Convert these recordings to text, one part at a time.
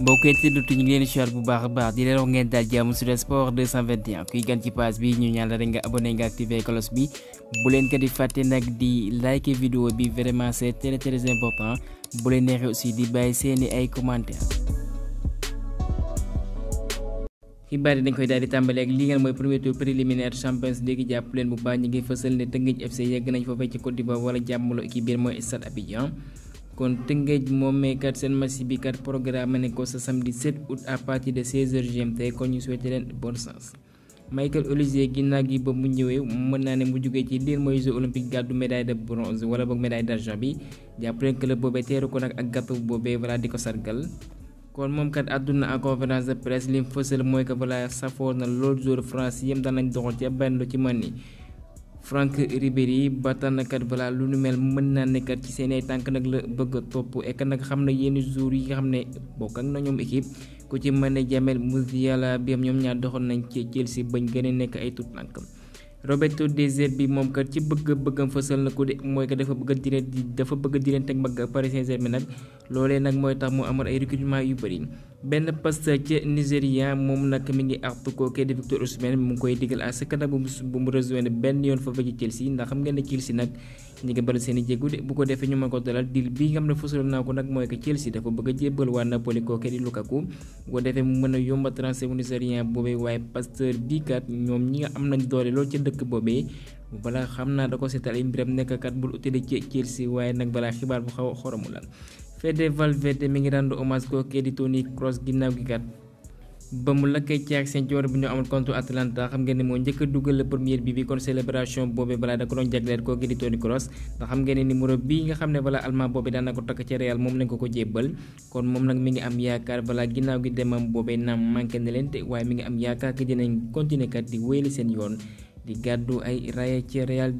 mbokk yi tëddatu ñu ngi leen bu baax a baax di leen wax ngeen daal Sport 221 kuy gan ci page bi ñu ñaan la rek nga abonné nga activé cloche bi bu leen ko di fàtte nag di like vidéo bi vraiment c'est très très important bu leen neexee aussi di bàyyi seeni ay commentaires. xibaar yi dañ koy daal di ak li ngeen mooy premier tour préliminaire champions league jàpp leen bu baax ñu ngi fësal ne Teungueth FC yegg nañ foofee ci Côte d'Ivoire wala jàmmaloo équipe biir mooy Stade Abidjan. kon Tëngéej moom kat seen match bi kat programme ne ko sa samedi 7 août à partir de 16h GMT kon ñu souhaité leen bonne chance. Michael ba mu ñëwee mën naa ne mu jógee ci liir mooy jeux olympique gàddu médaille de bronze wala boog médaille d' argent bi jàppale club boobee teeru ko nag ak gàttu boobee voilà di ko sargal. kon moom kat àdduna ak conférence de presse lim fësal mooy que voilà safoon na lool joueur France yem daan nañ doxal ci benn lu ci mën ni Franck Ribéry ba tànnkat balaa lu nu mel mën naa nekkat ci seen ay tànk nag la bëgg topp et nag xam na yenn jour yi nga xam ne bokk ak na ñoom équipe ku ci mën a Jamal Musiala bi ñoom ñaar doxoon nañ ci Chelsea bañ gën nekk ay tuut tànk des De bi moom kat ci bëgg-bëggam fësal na ko de mooy que dafa bëgg dina dafa bëgg dina teg mag Paris Saint-Germain nag loolee nag mooy tax mu amal ay recrutement yu bëri. benn pasteur ci nigérien moom nag mi ngi artu kookee di Victor Osimhen mu ngi koy digal à ce que bu mu rejoindre benn yoon foofu ci Chelsea ndax xam ngeen ne Chelsea nag ñu i jéego bu ko ko dalal deal bi nga xam ne fësal naa ko nag mooy que Chelsea dafa bëgg a jébbal waa Napoli kookee di Lukaku bu ko defee mu mën a yomba transfert bu nigérien boobee waaye pasteur bii ñoom ñi nga am nañ doole lool ca dëkk boobee balaa xam naa da ko seetal ay mbiram nekk kat bul utile ci Chelsea waaye nag balaa xibaar bu xaw a xoromu la Fede Valverde mi ngi rendu hommage kookee di Toni Kroos ginnaaw gi kat ba mu lakkee ci ak seen joor bi ñu amoon contre Atalanta xam ngeen ne moo njëkk dugal la première bi bi kon célébration boobee balaa da ko doon jagleel kookee di Toni Kroos ndax xam ngeen ne numéro bii nga xam ne balaa allemand boobee daan na ko takk ci Real moom lañ ko ko jébbal kon moom nag mi ngi am yaakaar balaa ginnaaw gi demam boobee naam manqué na leen te waaye mi ngi am yaakaar que dinañ continuer yoon di gàddu ay raaya ci Real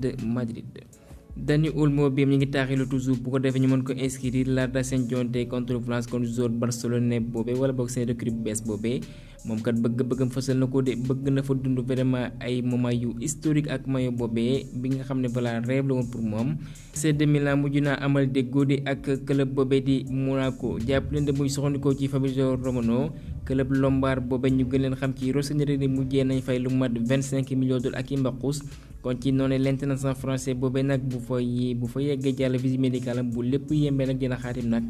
Dani Olmo bi ñu ngi lu toujours bu ko defee ñu mën ko inscrire laata seen jonte contre France contre joueur Barcelone bobé wala boog seen recrue bu bees moom kat bëgg bëgg fësal na ko de bëgg na fa dund vraiment ay moment yu historique ak mayo boobee bi nga xam ne balaa rêve la woon pour moom. CD Milan mujj na amal déggoo di ak club boobee di Monaco jàpp leen de muy soxandikoo ci Fabrizio Romano club Lombard boobee ñu gën leen xam ci Rossoneri mujjee nañ fay lu mat vingt cinq millions dollars ak i mbaqus. kon ci na san français boobee nag bu fa yi bu fa yeggee jàll visite médicale am bu lépp yembee nag nag.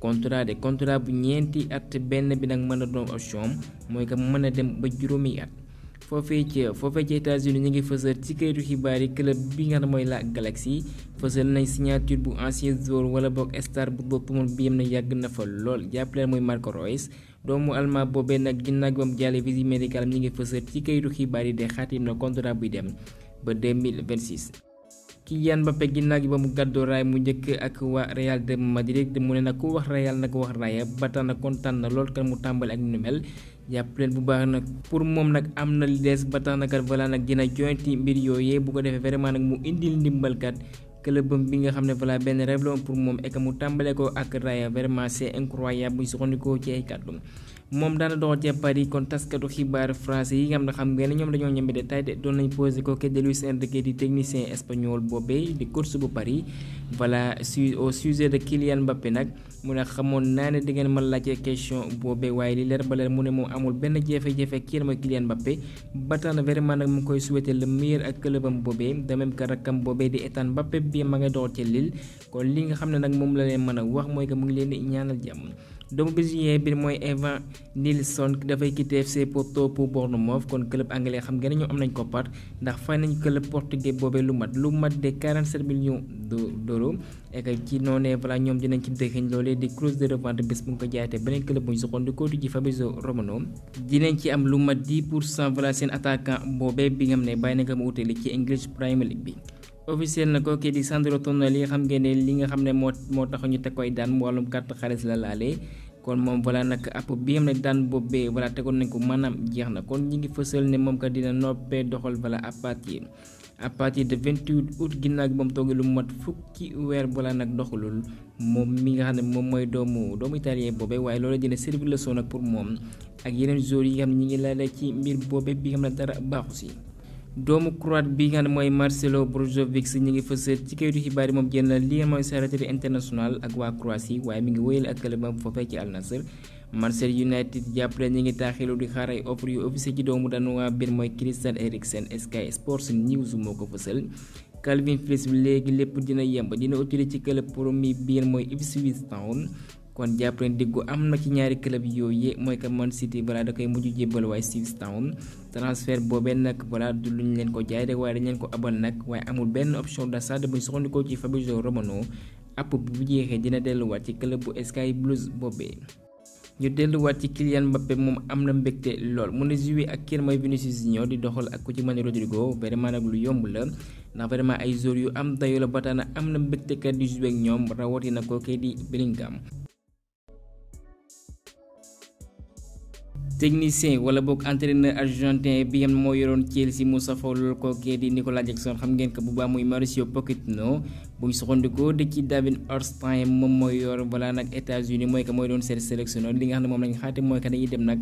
contrat de contrat bu ñeenti at benn bi nag mën a doon option am mooy que mën a dem ba juróomi at foofee ci foofee ci États-Unis ñu ngi fësal ci kayitu xibaar yi club bi nga xam mooy la Galaxy fësal nañ signature bu ancien joueur wala boog star bu boppamul bi yem na yàgg na fa lool jàppale mooy Marco Reus doomu almaa boobee nag ginnaaw ba mu jàllee visite médicale ñu ngi fësal ci kayitu xibaar yi de xaatim na contrat buy dem ba 2026 Kylian Mbappé ginnaaw gi ba mu gàddoo raay mu njëkk ak waa Real de Madrid mu ne nag ku wax Real nag wax raaya ba tax na kontaan na lool kan mu tàmbali ak nu mel jàpp leen bu baax nag pour moom nag am na li des ba tax na kat voilà nag dina jointi mbir yooyee bu ko defee vraiment nag mu indil ndimbalkat clubam bi nga xam ne voilà benn rêve la pour moom et que mu tàmbalee ko ak raaya vraiment c'est incroyable bu ñu sukkandikoo ci ay kàddu moom daana doxal ca Paris kon taskatu xibaaru français yi nga xam ne xam ngeen ñoom dañoo ñembe détail de doon nañ posé ko kii de Luis Enrique di technicien espagnol boobee di course bu Paris voilà su au sujet de Kylian Mbappé nag mu ne xamoon naa ne di ngeen ma laajte question boobee waaye li leer ba leer mu ne moom amul benn jafe-jafe kii mooy Kylian Mbappé ba tax na vraiment nag mu koy souhaiter le meilleur ak clubam boobee de même que rakkam boobee di Ethan Mbappé bi ma nga doxal ca li nga xam ne nag moom la leen mën a wax mooy que mu ngi leen di ñaanal jàmm. doomu brésilien bi mooy Evan Nilsson dafay quitté FC Porto pour Bournemouth kon club anglais xam nga ne ñoom am nañ koppar ndax fay nañ club portugais boobee lu mat lu mat de 47 millions d'euros et que ci noonee voilà ñoom dinañ ci dëxiñ loolee di clause de revente bés bu ñu ko jaayatee beneen club bu ñu côté ji Fabrizio Romano dinañ ci am lu mat 10 pour cent voilà seen attaquant boobee bi nga xam ne bàyyi na ko mu utali ci English Premier League bi. officiel na ko kii di Sandro Tonali xam ngeen ne li nga xam ne moo moo tax ñu teg koy daan wàllum carte xaalis la laale kon moom voilà nag app bi xam ne daan boobee voilà tegoon nañ ko maanaam jeex na kon ñi ngi fësal ne moom kat dina noppee doxal voilà à partir à partir de 28 août ginnaaw gi moom toogee lu mat fukki weer voilà nag doxalul moom mi nga xam ne moom mooy doomu doomu italien boobee waaye loolu dina servir leçon nag pour moom ak yeneen joueurs yi nga xam ne ngi laale ci mbir boobee bi xam ne dara baaxu si doomu Croate bi nga ne mooy Marcelo Brozovic ñu ngi fësal ci kayitu xibaar yi moom génn lii mooy sa retraite international ak waa Croatie waaye mi ngi wéyal ak clubam foofee ci Al Nassr Marseille United jàppale ñu ngi taaxilu di xaar ay offre yu officiel ci doomu danuwaa biir mooy Christian Eriksen Sky Sports News moo ko fësal Calvin bi léegi lépp dina yemb dina utile ci club bi biir mooy Ipswich Town kon jàpp leen diggu am na ci ñaari club yooyu mooy que Man City balaa da koy mujj jébbal waaye Steve Town transfert boobee nag balaa du luñ leen ko jaay rek waaye dañ leen ko abal nag waaye amul benn option d'achat buñ soxandikoo ci Fabrizio Romano app bu jeexee dina delluwaat ci club bu Sky Blues boobee. ñu delluwaat ci Kylian Mbappé moom am na mbégte lool mu ne ak kenn mooy Vinicius Junior di doxal ak ku ci mën Rodrigo vraiment nag lu yomb la ndax vraiment ay joueurs yu am dayo la ba tax na am na mbégtekat di joué ak ñoom rawatina ko kay di Bellingham. technicien wala boog entraîneur argentin bi nga xam ne moo yoroon Chelsea mu safoo loolu kookee di Nicolas Jackson xam ngeen ko bu baax muy Mauricio Pochettino bu ñu soxandikoo de ci David Ornstein moom mooy yor balaa nag États-Unis mooy que mooy doon seen sélectionneur li nga xam ne moom lañ xaate mooy que dañuy dem nag.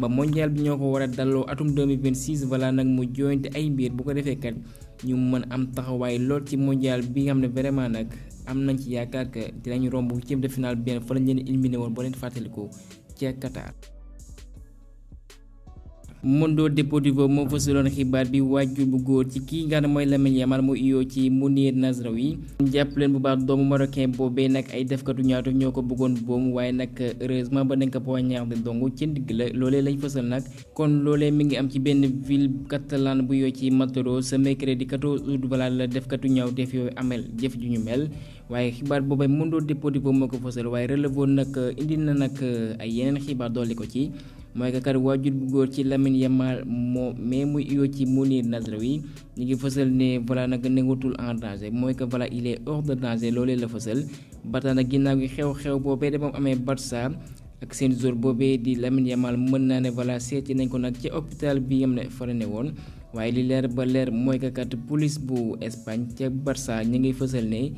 ba mondial bi ñoo ko war a dalloo atum 2026 voilà nag mu joyante ay mbir bu ko defee kat ñu mën am taxawaay lool ci mondial bi nga xam ne vraiment nag am nañ ci yaakaar que dinañu romb huitième de finale benn fa lañ leen éliminé woon boo leen fàttaliku Mundo Deportivo moo fësaloon xibaar bi waajur bu góor ci kii nga ne mooy Lamine Yamal mu iyoo ci Mounir Nasraoui jàpp leen bu baax doomu marocain boobee nag ay defkatu ñaawte ñoo ko bëggoon boomu waaye nag heureusement ba nañ ko poignardé dong ci ndigg la loolee lañ fësal nag kon loolee mi ngi am ci benn ville catalane bu yoo ci Matador ce mercredi 14 août balaa la defkatu ñaawteef yooyu amel jëf ju ñu mel waaye xibaar boobee Mundo Deportivo moo ko fësal waaye relevoon nag indi na nag ay yeneen xibaar dolli ko ci mooy que kat waajur bu góor ci Lamine Yamal moo mais muy iyoo ci Mounir Nasraoui ñu ngi fësal ne voilà nag nekkatul en danger mooy que voilà il est de danger loolee la fësal ba tax nag ginnaaw gi xew-xew boobee de moom amee Barça ak seen jour boobee di Lamine Yamal mën naa ne voilà seeti nañ ko nag ci hôpital bi yam ne fara woon waaye li leer ba leer mooy que kat police bu Espagne ca Barça ñu ngi fësal ne.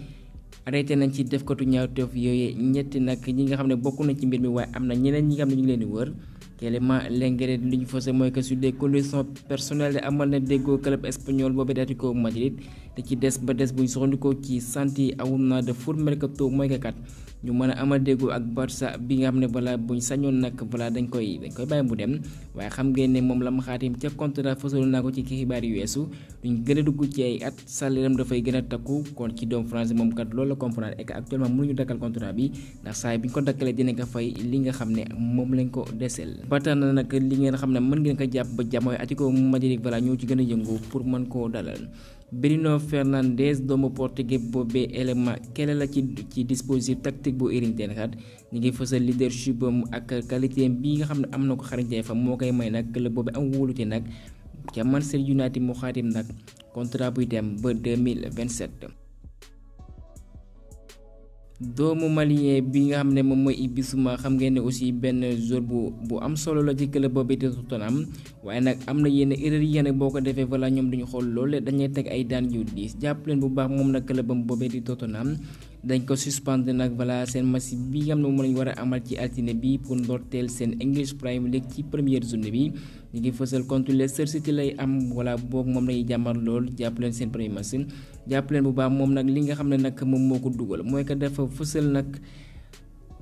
arrêté nañ ci defkatu ñaawteef yooyu ñetti nag ñi nga xam ne bokk na ci mbir mi waaye am na ñeneen ñi nga xam ñu ngi leen di wër Kéléma Lenguére li ñu fose mooy que su dee conditions personnelles amal na déggoo club espagnol boobu di Atlético Madrid te ci des ba des bu ñu soxandikoo ci Santi Aounar de Foot Mercato mooy que kat. ñu mën a ama déggoo ak Barça bi nga xam ne balaa buñ sañoon nag balaa dañ koy dañ koy bàyyi mu dem waaye xam ngeen ne moom la ma xaatim ca contrat fësaloon naa ko ci xibaar yu weesu duñ gën a dugg ci ay at salaire-am dafay gën a takku kon ci doom français moom kat loolu la comprendre et que actuellement mënuñu dakkal bi ndax saa yi bi ñu ko dina ko li nga xam ne moom lañ ko desel ba tax na nag li ngeen xam ne mën ngeen ko jàpp ba jàmmooy Atlético Madrid balaa ñoo ci gën a yëngu pour mën koo dalal Bruno Fernandes doomu portugais boobe élément kele la ci ci dispositif tactique bu Erik ten Hag ñu ngi fësal leadership am ak qualité bi nga xam ne am na ko xarañte fa moo koy may nag club boobu am wóolute nag ca Manchester United mu xaatim nag contrat buy dem ba 2027 doomu malien bi nga xam ne moom mooy Ibissouma xam ngeen ne aussi benn joueur bu bu am solo la ci club boobu di Tottenham waaye nag am na yenn erreur yi boo ko defee voilà ñoom dañu xool loole dañuy teg ay daan yu diis jàpp leen bu baax moom nag club bam boobee di Tottenham dañ ko suspendre nag balaa seen match bi nga xam ne moom lañ war a amal ci altine bi pour ndorteel seen English Premier League ci première journée bi ñu ngi fësal contre Leicester lay am wala boog moom lañuy jàmmar lool jàpp seen premier match jàpp leen bu baax moom nag li nga xam ne nag moom moo ko dugal mooy que dafa fësal nag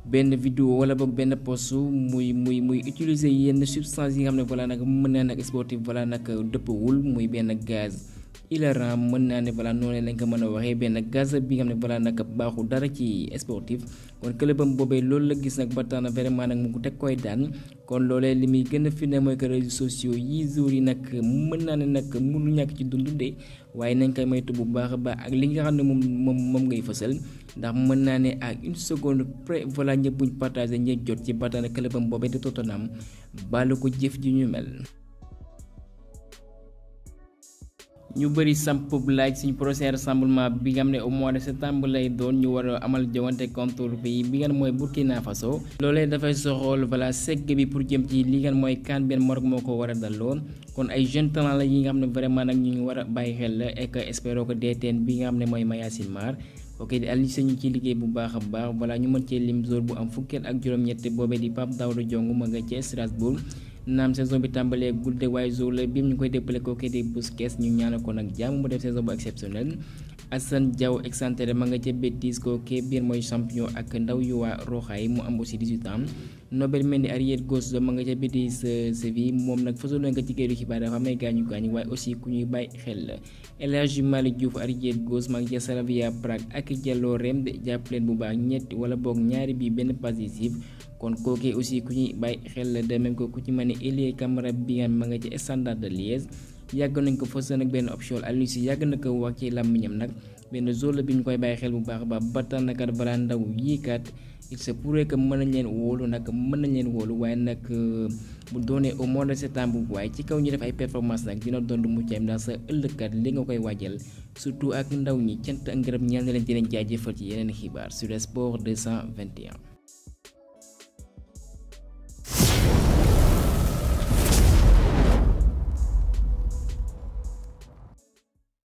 benn vidéo wala boog benn post muy muy muy utiliser yenn substance yi nga xam ne voilà nag mën na nag sportif voilà nag dëppawul muy benn gaz Ileran mën naa ne balaa noonu lañ ko mën a waxee benn gaz bi xam ne balaa nag baaxul dara ci sportif kon clubam boobee loolu la gis nag bataana tax na nag mu ko teg koy daan kon loolee li muy gën a firnde mooy que réseaux sociaux yi jour yi nag mën naa ne nag mënu ñàkk ci dund de waaye nañ koy moytu bu baax a baax ak li nga xam ne moom moom moom ngay fësal ndax mën naa ne ak une seconde près voilà ñëpp buñ partagé ñëpp jot ci ba tax na clubam boobee de Tottenham ko jëf ji ñu mel. ñu bëri samp laaj suñu prochain rassemblement bi nga xam ne au mois de septembre lay doon ñu war amal jongante contre pays bi nga mooy Burkina Faso loolee dafay soxool voilà segg bi pour jëm ci li nga mooy kan benn morog moo ko war a kon ay jeune talent la yi nga xam ne vraiment nag ñu wara war a bàyyi xel la et que espéro que DTN bi nga xam ne Mar ok di ali sañu ci liggéey bu baax a baax voilà ñu mën cee lim zor bu am fukkeet ak juróom-ñett boobee di Pape Daouda Diongo ma nga ca Strasbourg naam saison bi tàmbalee gudde waaye jour la biim ñu koy déppale kooku di Busquets ñu ñaanal ko nag jàmm mu def saison bu exceptionnel Assane Diaw excentré ma nga ca Betis kooku biir mooy champion ak ndaw yu waa Roxaay mu am aussi 18 ans. Nobel Mendy arrière gauche ma nga ca Betis Séville moom nag fasaloon nga ci këru xibaar dafa am ay gaañu gaañu waaye aussi ku ñuy bàyyi xel la El Hadji Malick Diouf arrière gauche ma nga ca Slavia Prague ak jàlloo rem de jàpp leen bu baax ñetti wala boog ñaari bii benn passif kon kookee aussi ku ñuy bay xel la de ko ku ci mën ne Elie Camara Bian ma nga ca Standard de Liège yàgg nañ ko fasal nag benn option Aliou Cissé yàgg na ko wax ci làmmiñam nag benn zone la bi ñu koy bàyyi xel bu baax a baax ba na kat balaa ndaw yii kat. il se pourrait que mën nañ leen wóolu nag mën nañ leen wóolu waaye nag euh, bu doonee au mois de septembre waaye ci kaw ñu def ay performance nag dina doon lu mucc ayib ndax sa ëllëgkat li nga koy waajal surtout ak ndaw ñi cant ak ngërëm ñeel na leen dinañ jëfal ci yeneen xibaar de le sport 221